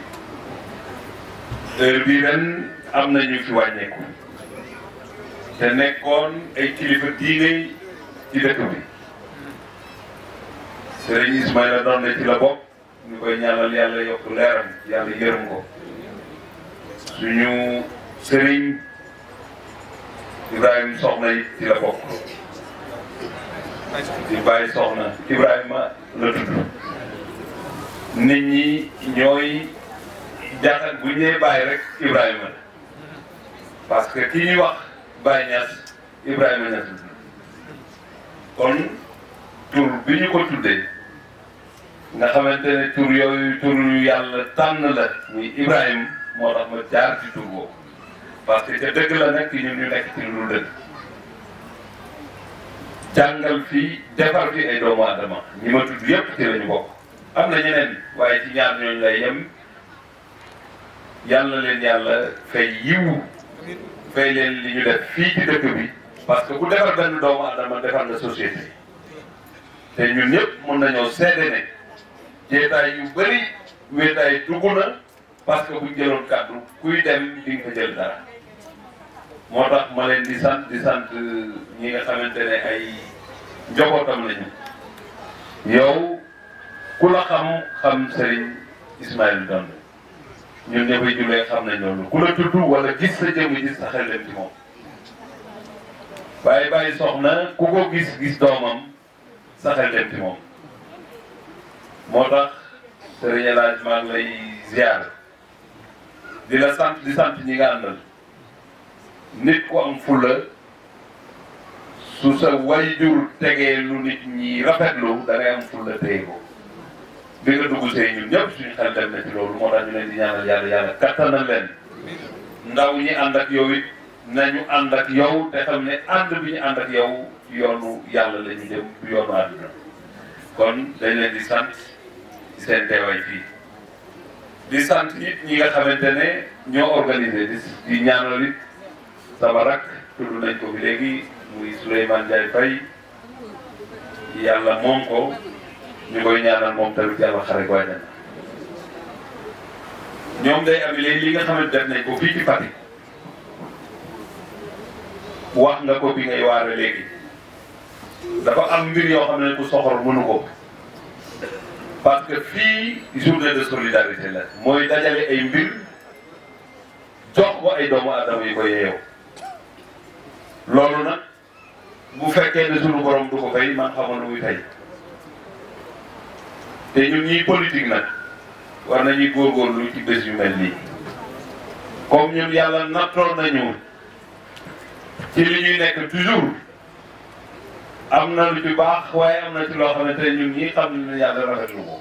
heure bii ren am na ñu fi wàññeeku te nekkoon ay kilifa diine ci dëkk bi Serigne Ismaïla doon na ci la bokk. ñu koy ñaanal yàlla yokk leeram yàlla yërëm ko suñu sëriñ Ibrahima soxna yi ci la bokk di bàyyi soxna Ibrahima la tudd nit ñi ñooy jaaxal bu ñëwee bàyyi rek Ibrahima la parce que ki ñuy wax Baye Niass Ibrahima tur bi ñu ko tuddee nga xamante ne tur yooyu tur yu tàng la muy Ibrahima moo tax ma jaar ci tur boobu parce que ca dëgg la nag ñun ñu nekk ci lu dëgg jàngal fii defar fi ay doomu aadama ñi ma tudd yépp ci la ñu bokk am na ñeneen waaye ci ñaar ñooñu lay yem yàlla leen yàlla fay yiwu fay leen li ñu def fii ci dëkk bi parce que ku defar benn doomu aadama defar na société te ñun ñëpp mën nañoo seede ne. détail yu bari wéetaay dugg na parce que buñ jëloon kàddu kuy dem di nga jël dara moo tax ma leen di sant di sant ñi nga xamante ne ay njabootam lañu yow ku la xam xam Serigne Ismaïl Donde ñun ña fay jullee xam nañ loolu ku la tudd wala gis sa jëmm gis sa xel dem ci moom bàyyi bàyyi soxna ku ko gis gis doomam sa xel dem ci moom. moo tax sëriñ El Hadj maa ngi lay ziar di sant di sant ñi nga àndal nit ku am fulla su sa wayjur tegee lu nit ñi rafetlu da ngay am fulla téye ko bi nga dugg see ñun ñëpp suñu xel dem na ci loolu moo tax ñu leen di ñaanal yàlla yàlla kattanal leen ndaw ñi ànd ak yow it nañu ànd ak yow te xam ne ànd bi ñu ànd ak yow yoonu yàlla la ñu jëm yoonu àdduna kon dañ leen di sant. seen teewaay fii di sant it ñi nga xamante ne ñoo organisé di di ñaanal it sama rakk ko fi léegi muy Souleymane Ndiaye Faye yàlla moom ko ñu koy ñaanal moom tamit yàlla xare ko àjjana day am léegi li nga xamante def nañ ko fii ci wax nga ko bi ngay waare léegi dafa am bi yoo xam ne ku soxor mënu ko. parce que fii journée de solidarité la mooy dajale ay mbir jox ko ay doomu adama yi ko yeew loolu nag bu fekkee ne sunu borom du ko fay man xamoon lu muy fay te ñun ñii politique nag war nañuy góorgóorlu ci bés yu mel nii comme ñun yàlla nattoon nañu ci li ñuy nekk toujours am na lu ci baax waaye am na ci loo xam ne tey ñun ñii xam ne yàlla rafetlu ko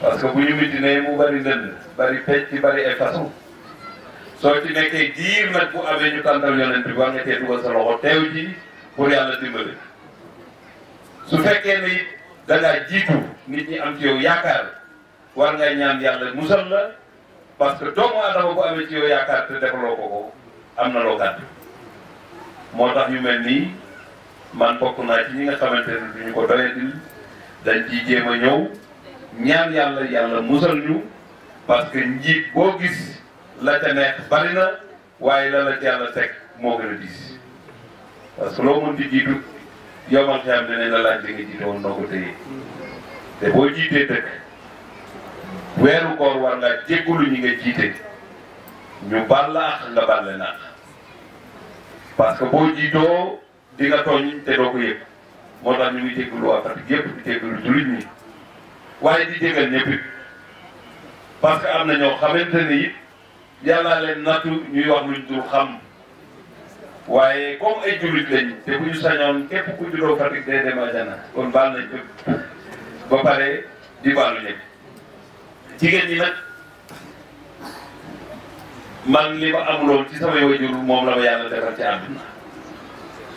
parce que bu ñu mitinee mu bari ndënd bari pecc bari ay soo ci nekkee diir nag bu amee ñu tàntal yonent bi war nga cee dugal sa loxo teew ji pour yàlla dimbali su fekkee ne it jiitu nit ñi am ci yow yaakaar war ngay ñaan yàlla musal la parce que doomu adama bu amee ci yow yaakaar te defaloo ko ko am na loo gàtt moo tax ñu mel nii. man bokk naa ci ñi nga xamante ne duñu ko doyadil dañ ciy jéem a ñëw ñaan yàlla yàlla musal ñu parce que njiit boo gis la ca neex bari na waaye la la yàlla teg moo gën a diis parce que loo mën di jiitu yow man xam ne la laaj li nga jiite woon noo ko téye te boo jiitee dëkk weeru koor war nga jéggulu ñi nga jiite ñu ballaax nga balle naax parce que boo jiitoo di nga tooñ te doo ko moo tax ñu ngi jégalu waa Fatick yëpp di jégalu jullit ñi waaye di jégal ñëpp it parce que am na ñoo xamante ne it yàllaa leen nattu ñuy wax luñ dul xam waaye comme ay jullit lañ te bu ñu sañoon képp ku juddoo Fatick day dem àjjana kon baal nañ ñëpp pare di baalu ñëpp jigéen ñi man li ma amuloon ci samay wajur moom la ma yàlla defal ci àdduna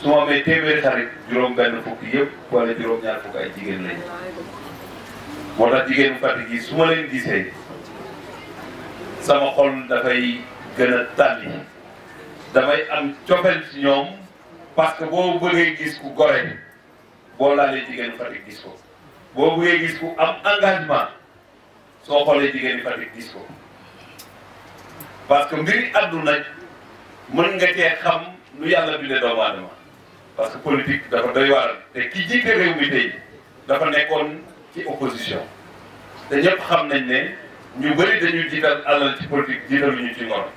su ma amee téeméeri xarit juróom-benn fukk yëpp wala juróom-ñaar fukk ay jigéen lañ moo tax jigéenu Fatick yi su ma leen gisee sama xol dafay gën a tàlli damay am cofeel ci ñoom parce que boo bëggee gis ku gore boo laalee jigéenu Fatick gis ko boo bëggee gis ku am engagement soo xoolee jigéen Fatick gis ko parce que mbiri àdduna mën nga cee xam nu yàlla bindee doomu parce que politique dafa doy waar te ki jiite réew mi tey dafa nekkoon ci opposition te ñëpp xam nañ ne ñu bëri dañu jiital alal ci politique jiitaluñu ci ngor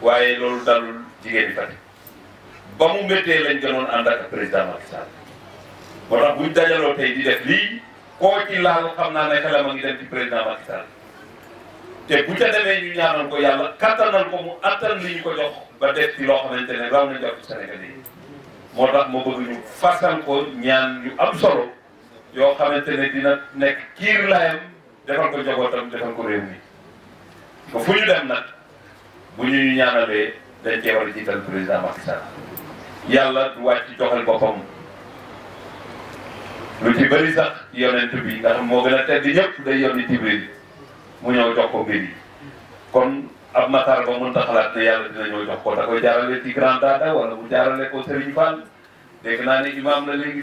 waaye loolu dalul jigéen ñi Fatick ba mu méttee lañ gënoon ànd ak président Macky Sall moo tax buñ dajaloo di def lii koo ci laal xam naa ne xelam a ngi dem ci président Macky Sall te bu ca demee ñu ñaanal ko yàlla kattanal ko mu attan li ñu ko jox ba def ci loo xamante ne raw nañ jox ci Sénégal yi moo tax ma ko ñu fàttal ko ñaan yu am solo yoo xamante ne dina nekk kiir laayam defal ko njabootam defal ko réew mi ba fu ñu dem nag bu ñuy ñaanalee dañ cee war ji jiital président Macky Sall yàlla du wàcc joxal boppam lu ci bëri sax yonent bi nga xam moo gën a tedd ñëpp day yónni Jibril mu ñëw jox ko mbir ab matar ba mën ta xalaat ne yàlla dina ñëw jox ko da koy jaarale ci grand dada wala mu jaarale ko Serigne Fall dégg naa ne imaam la léegi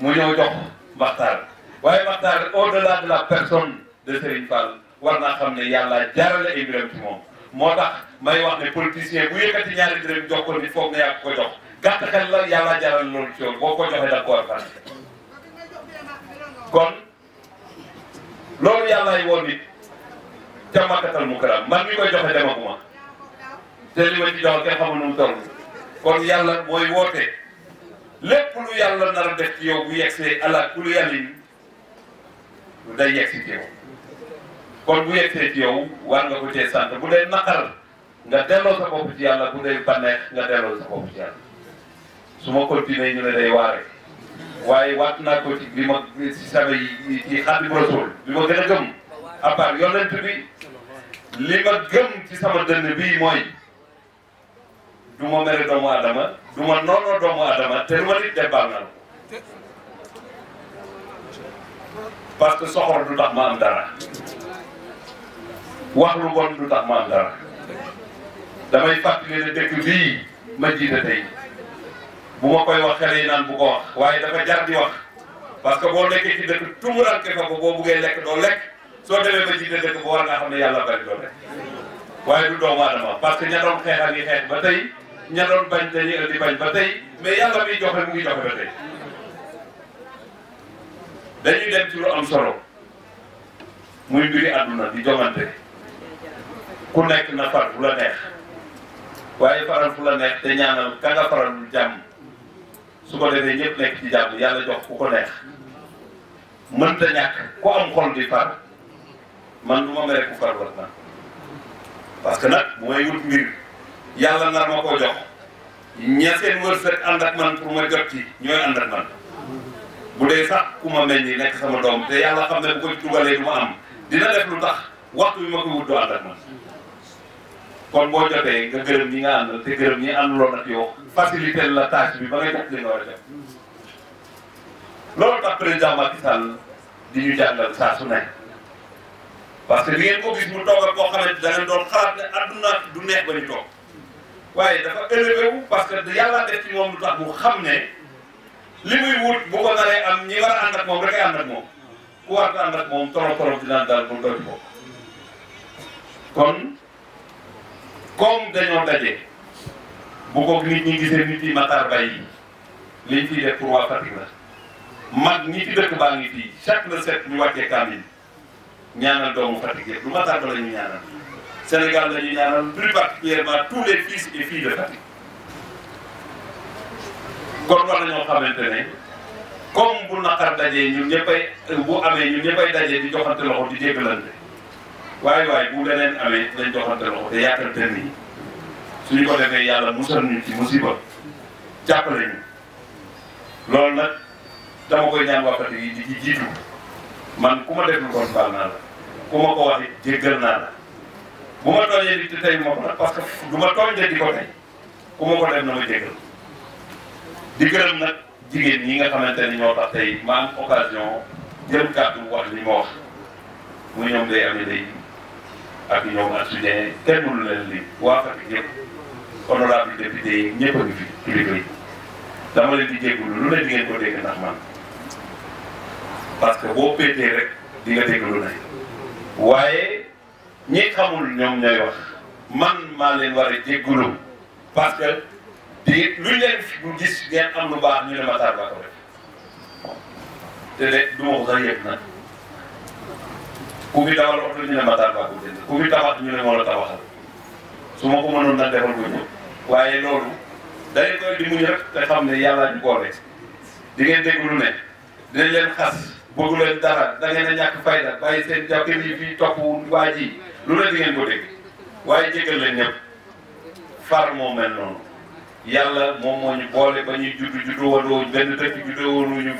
mu ñëw jox maxtaar waaye maxtaar au delà de la personne de Serigne Fall war naa xam ne yàlla jaarale ay mbiram moom moo tax may wax ne politicien bu yëkkati ñaari dërëm jox ko nit foog na yàgg ko jox gàtt la yàlla jaarale loolu ci yoon boo ko joxee da ko war fan kon loolu yàllaay woon nit ca Makkatal Mukarram man mi koy joxe demaguma te li ma ci joxe kenn xamul nu mu kon yàlla mooy woote lépp lu yàlla nar a def ci yow bu yegsee ala kulu yàllin day yegsi ci yow kon bu yegsee war nga ko cee sant bu dee naqar nga delloo sa bopp ci yàlla bu dee bànneex nga delloo sa bopp ci yàlla su ma continué ñu ne day waare waaye wat naa ko ci bi ma ci sama yi ci Xaadimu bi ma gën a gëm à part yonent bi li ma gëm ci sama dënn bii mooy du ma mere doomu adama du ma doomu adama te lu ma nit debbaal na la parce que soxor du tax ma am dara wax lu bon du tax ma am dara damay fàttali ne dëkk bii ma jiite tey bu ma koy wax xale naan bu ko waaye dafa jar di wax parce que boo nekkee ci dëkk tumuranke fa ko boo lekk doo lekk soo demee ba jiite dëkk bu war nga xam ne yàlla bari doole waaye du doomu aadama parce que ña doon xeexal yi xeex ba tey ña bañ te ñu bañ ba tey mais yàlla miy joxe mu ngi joxe ba tey dañuy dem ci lu am solo muy mbiri àdduna di jongante ku nekk na far fu la neex waaye faral fu la neex te ñaanal ka nga faralul jàmm su ko defee ñëpp nekk ci jàmm yàlla jox ku ko neex mënta ñàkk ku am xol di far man du mere ku farlu ak man parce que nag bu may wut mbir yàlla nar ma koo jox ña seen wërsëg ànd man pour ma jot ci ñooy ànd man bu dee sax ku ma meññ nekk sama doom te yàlla xam ne bu ko dugalee du ma am dina def lu tax waxtu bi ma koy wut doo ànd man kon boo jotee nga gërëm ñi nga àndal te gërëm ñi ànduloon ak yow la tâche bi ba nga jot li nga war a def loolu tax président Macky Sall di ñu jàngal saa su nekk. parce que li ngeen ko gis mu toog ak koo xamante da doon xalaat ne adduna du neex ba ñu toog waaye dafa élevé wu parce que yàlla def moom lu tax mu xam ne li muy wut bu ko naree am ñi a ànd ak moom rek ay ànd moom ku war a ànd moom toro toro dina dal bu doy ko kon comme dañoo daje bu ko nit ñi gisee nit yi Matar Bay yi liñ ciy def pour mag ñi ci dëkk baa ngi fii chaque le sept ñu wàccee ñaanal doomu Fatick yëpp lu ma tàgg la ñu ñaanal Sénégal la ñu ñaanal plus particulièrement tous les fils et filles de Fatick kon war nañoo xamante ne comme bu naqar dajee ñun ñëppay bu amee ñun ñëppay dajee di joxante loxo di jéggalante waaye waaye bu leneen amee dañ joxante loxo te yaatal dënn yi suñu ko defee yàlla musal ñu ci musiba jàppale ñu loolu nag dama e ñaan waa Fatick di ci jiitu man ku ma déglu kon baal naa la ku ma ko waxit jéggal naa la bu ma tooñee di tey ma ko nag parce que du ma tooñ di ko tey ku ma ko def na ma jéggal di gërëm ñi nga xamante ni ñoo tax tey ma am occasion jël kàddu wax li ma wax mu ñoom day amee day ak ñoom ak suñu kenn mënu leen li waa Fatick ñëpp honorable député yi ñëpp a ngi fi yi dama leen di jégalu lu ne di ngeen ko dégg ndax man parce que boo péetee rek di nga dégg lu ne. waaye ñi xamul ñoom ñooy wax man maa leen war a jégalu que di luñ leen fi bu gis ngeen am lu baax ñu ne ma tar ko def te de du ma ko sax yëg na ku fi dawal oto ñu ne ma tar ko jënd ku fi tabax ñu ne moo la tabaxal su ma ko mënoon nag defal ko ñëw waaye loolu dañ koy di muñ rek te xam ne yàlla ñu boole di ngeen dégg lu ne dinañ leen xas. bëggu leen dara da ngeen a ñàkk fayda bàyyi seen jàpp yi fii topp waa ji lu ne di ngeen ko dégg waaye jégal far moo mel noonu yàlla moom ñu boole ba ñuy juddu juddu woon benn dëkk juddu woon ñu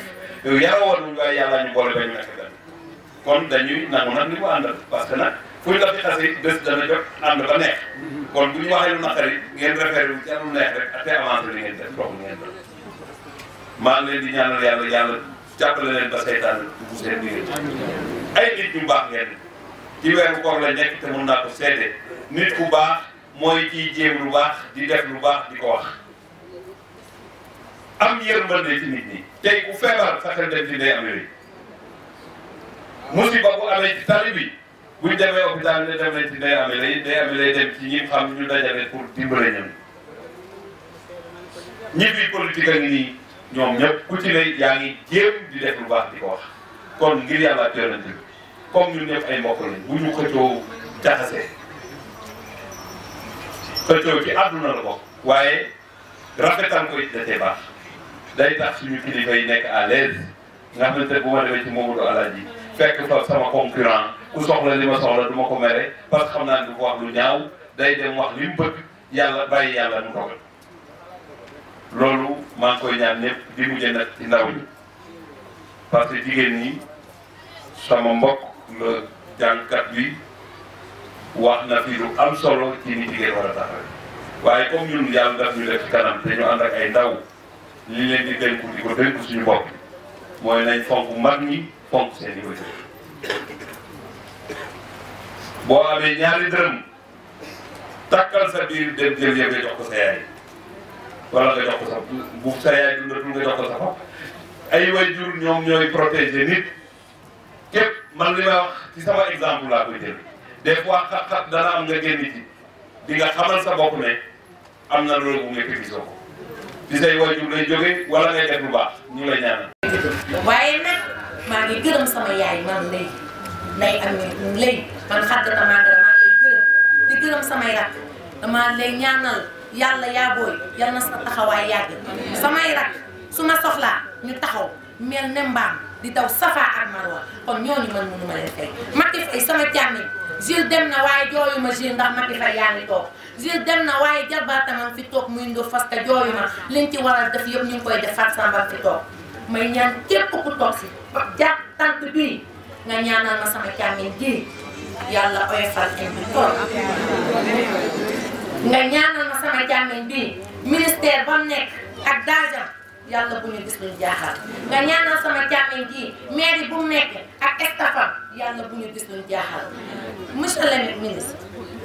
yara woon waaye yàlla ñu boole ba ñu nekk benn kon dañuy nangu nag ni mu àndal parce que nag fu ñu daf ci xasee bés kon bu ñu waxee lu naqari ngeen référé wu ci lu neex rek te avancé li ngi leen di ñaanal yàlla jàppale leen ba seytaan dugg seen diggante ay nit ñu baax ngeen ci weeru koor la nekk te mën naa ko seede nit ku baax mooy kii jéem lu baax di def lu baax di ko wax am yërmande ci nit ñi tey ku feebar saxel dem ci day am yooyu musiba bu amee ci tali bi buñ demee hôpital ne dem nañ ci day amee lay day amee lay dem ci ñi xam ñu dajale pour dimbale ñam ñi fi politique a ngi nii ñoom ñëpp ku ci ne yaa ngi jéem di def lu baax di ko wax kon ngir yàlla ak yonent bi comme ñun ñëpp ay mbokk lañ bu ñu xëccoo jaxase xëccoo ci àdduna la bokk waaye rafetal ko it da day tax suñu kilifa yi nekk à l'aise nga xamante bu ma demee ci Mamadou Alaaji fekk sama concurrent ku soxla li ma soxla du ma ko mere parce xam naa ne wax lu ñaaw day dem wax li mu yàlla bàyyi yàlla mu dogal loolu maa ngi koy ñaan ñëpp di mujjee nag ci ndaw ñi parce que jigéen ñi sama mbok la jàngkat bi wax na fi lu am solo ci ni jigéen war a taxawee waaye comme ñun yàlla daf ñu def kanam te ñu ànd ay ndaw li leen di dénku di ko dénku suñu bopp mooy nañ fonk mag ñi fonk seen i wajur boo amee ñaari dërëm takkal sa biir dem jël yëpp jox ko sa yaay wala nga jox ko sa bu sa yaay dundatul nga jox ko sa papa ay wayjur ñoom ñooy protéger nit képp man li ma wax ci sama exemple laa koy jël des fois xat-xat dana am nga génn ci di xamal sa bopp ne am na loolu bu nga gisoo ko di say wayjur lay jógee wala ngay def baax ñu lay ñaanal. waaye nag maa ngi gërëm sama yaay man lay lay am lay man xat dana maa ngi lay gërëm di gërëm samay rakk damaa lay ñaanal. yàlla yaa booy yal na sa taxawaay yàgg samay rak su ma soxlaa ñu taxaw mel ne mbaam di daw safa ak marwa kon ñooñu man mënu ma leen fay Mati Faye sama càmmiñ Jules dem na waaye jooyu ma Jules ndax Mati Faye yaa ngi toog Jules dem na waaye jarbaatamam fi toog muy ndu fas te jooyu ma liñ ci waral def yëpp ñu ngi koy def Fatou Samba fi toog may ñaan képp ku toog si jàpp tànk bii sama càmmiñ ji yàlla nga ñaanal ma sama jàmmeñ bii ministère ba mu nekk ak daajam yàlla bu ñu gis luñ jaaxal nga ñaanal sama jàmmeñ bii mairie bu mu nekk ak estafam yàlla bu ñu gis luñ jaaxal monsieur le ministre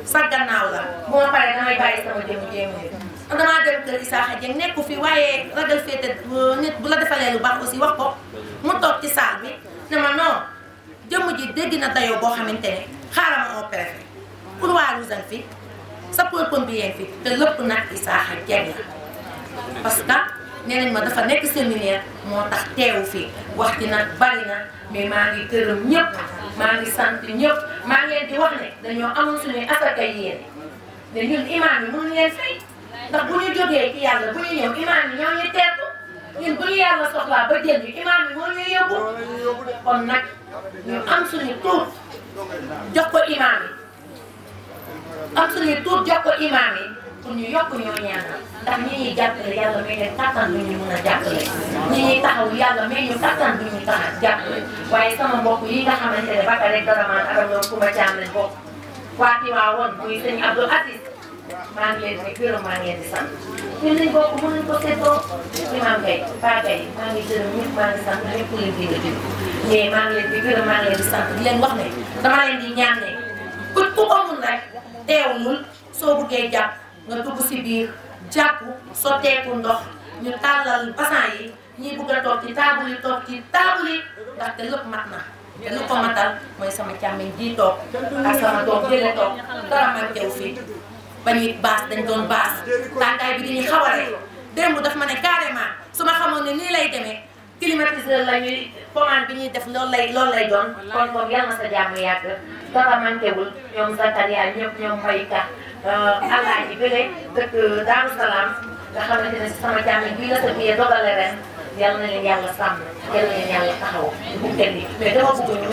sa gannaaw la bu ma paree bàyyi sama jëmu jéem a damaa dem kër nekku fi waaye ragal féete euh, nit bu la defalee lu baax aussi wax ko mu toog ci saal bi ne ma non jëmm ji dégg na dayoo boo xamante ne xaaral ma au préfet couloir rouge fi. sapeur pompier fi te lépp nag Isaaxa saax la parce que nee nañ ma dafa nekk séminaire moo tax teewu fi wax ji nag bari na mais maa ngi gërëm ñëpp maa ngi sant ñëpp maa ngi leen di wax dañoo amoon suñuy asaka yéen ne ñun imaam yi mënuñ leen fay ndax bu ñu jógee ci yàlla bu ñu ñëw imaam yi ñoo ñu bu ñu yàlla soxlaa ba jël ñu imaam yi moo ñu yóbbu kon nag ñu am suñu tuut jox ko imaam yi. continuer tuut jox ko imaam yi pour ñu yokk ñoo ñaanal ndax ñi ñuy jàppale yàlla may leen kattan bu ñu mën a jàppale ñi ñuy taxaw yàlla may ñu kattan bu ñu tax a jàppale waaye sama mbokk yi nga xamante ne Bakar rek dara maan adam ñoom Kumba Caam lañ bokk waa Tiwaawoon muy sëñ Abdul Aziz maa ngi leen di gërëm maa ngi leen di sant ñun liñ bokk mënuñ ko seddoo imaam Gueye Paa Gueye maa ngi gërëm ñëpp maa ngi sant ñëpp leen di gërëm mais maa ngi leen di gërëm maa ngi leen di sant di leen wax ne dama leen di ñaan ne ku ku amul rek teewul soo buggee jàpp nga dugg si biir jàpp sotteeku ndox ñu tàllal basan yi ñi bugg a toog ci taabul yi toog ci taabul yi ndaxte lépp mat na te lu ko matal mooy sama càmmiñ di toog ak sama doom jële toog dara man teew fii dañ doon baas tàngaay bi di ñu xaw a rey démb daf ma ne carrément su ma xamoon ne nii lay demee climatiseur la ñuy commande bi ñuy def loolu lay loolu lay doon kon moom yal na sa jàmm yàgg dara mantewul ñoom Zakaria ñëpp ñoom Mbayka euh, alaaji bële dëkk Daaru Salaam nga xamante ne si sama jàmm bii la sa biyee dogale ren yal na leen yàlla sàmm yal na yàlla taxaw bu tedd bi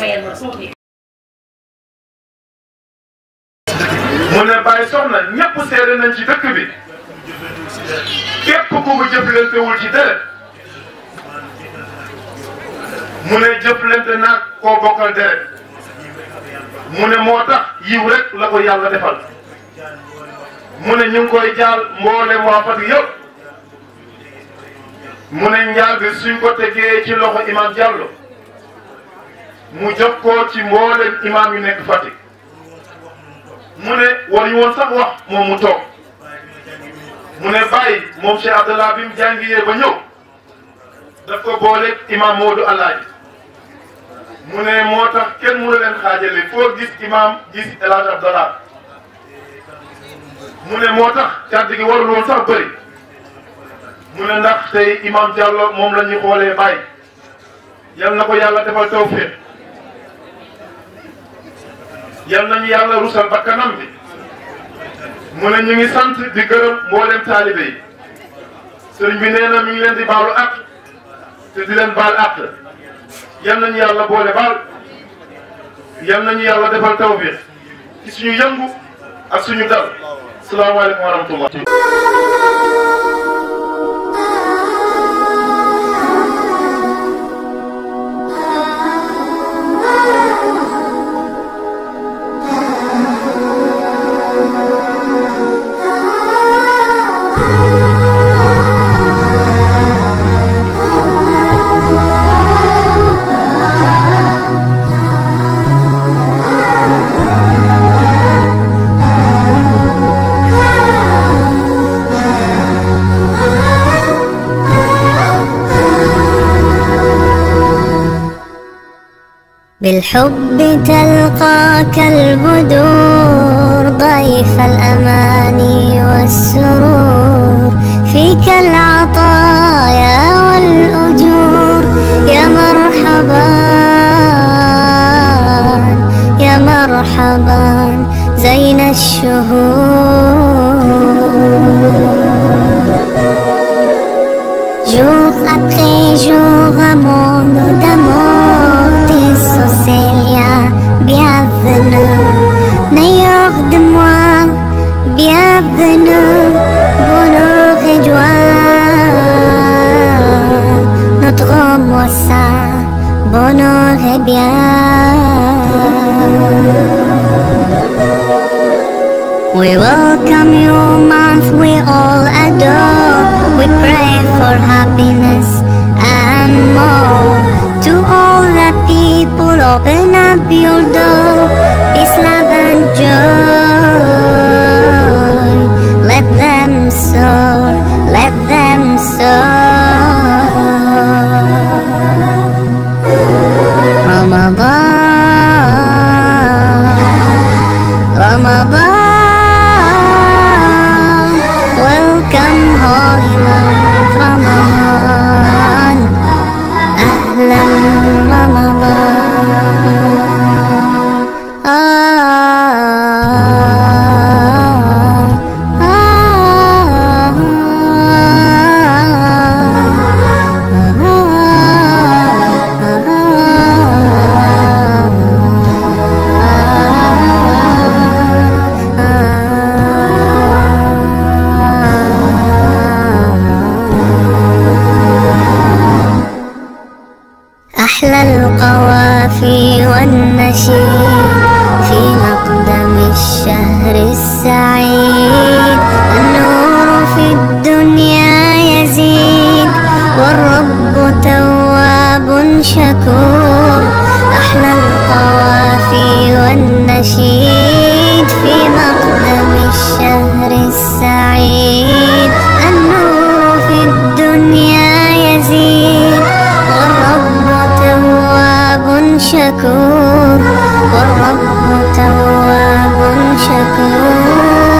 mais mu ne Baye Soxna ñëpp seede nañ ci dëkk bi képp ku mu jëflantewul ci dërët. mu ne jëflante naag koo bokkal deret mu ne moo tax yiw rek la ko yàlla defal mu ne ñu ngi koy jaal mboolem waa Fatick yëpp mu ne njaal bi suñ ko tegee ci loxo imam Diallo mu jox ko ci mboolem imam yu nekk Fatick mu ne waruñu woon sax wax moom mu toog mu ne bàyyi moom Cheikh Abdallah bi mu jàngiyee ba ñëw daf ko booleeg imam Modou Alaaji mu ne moo tax kenn mu mënu leen xaajale foo gis imaam gis El Hadj Abdallah mu ne moo tax kàddu gi warul woon sax bëri mu ne ndax tey imaam Diallo moom lañuy xoolee bàyyi yal na ko yàlla defal tawfeex yal nañu yàlla rusal bakkanam bi mu ne ñu ngi sant di gërëm mboolem taalibe yi sëriñ bi nee na mi ngi leen di baalu àq te di leen baal àq. yal nañu la boole baal yal nañu yàlla defal tawfiq ci suñu yëngu ak suñu dal salaamaaleykum بالحب تلقاك البدور ضيف الأماني والسرور فيك العطايا والأجور يا مرحبا يا مرحبا زين الشهور eh bien. We welcome you month we all adore. We pray for happiness and more. To all the people, open up door.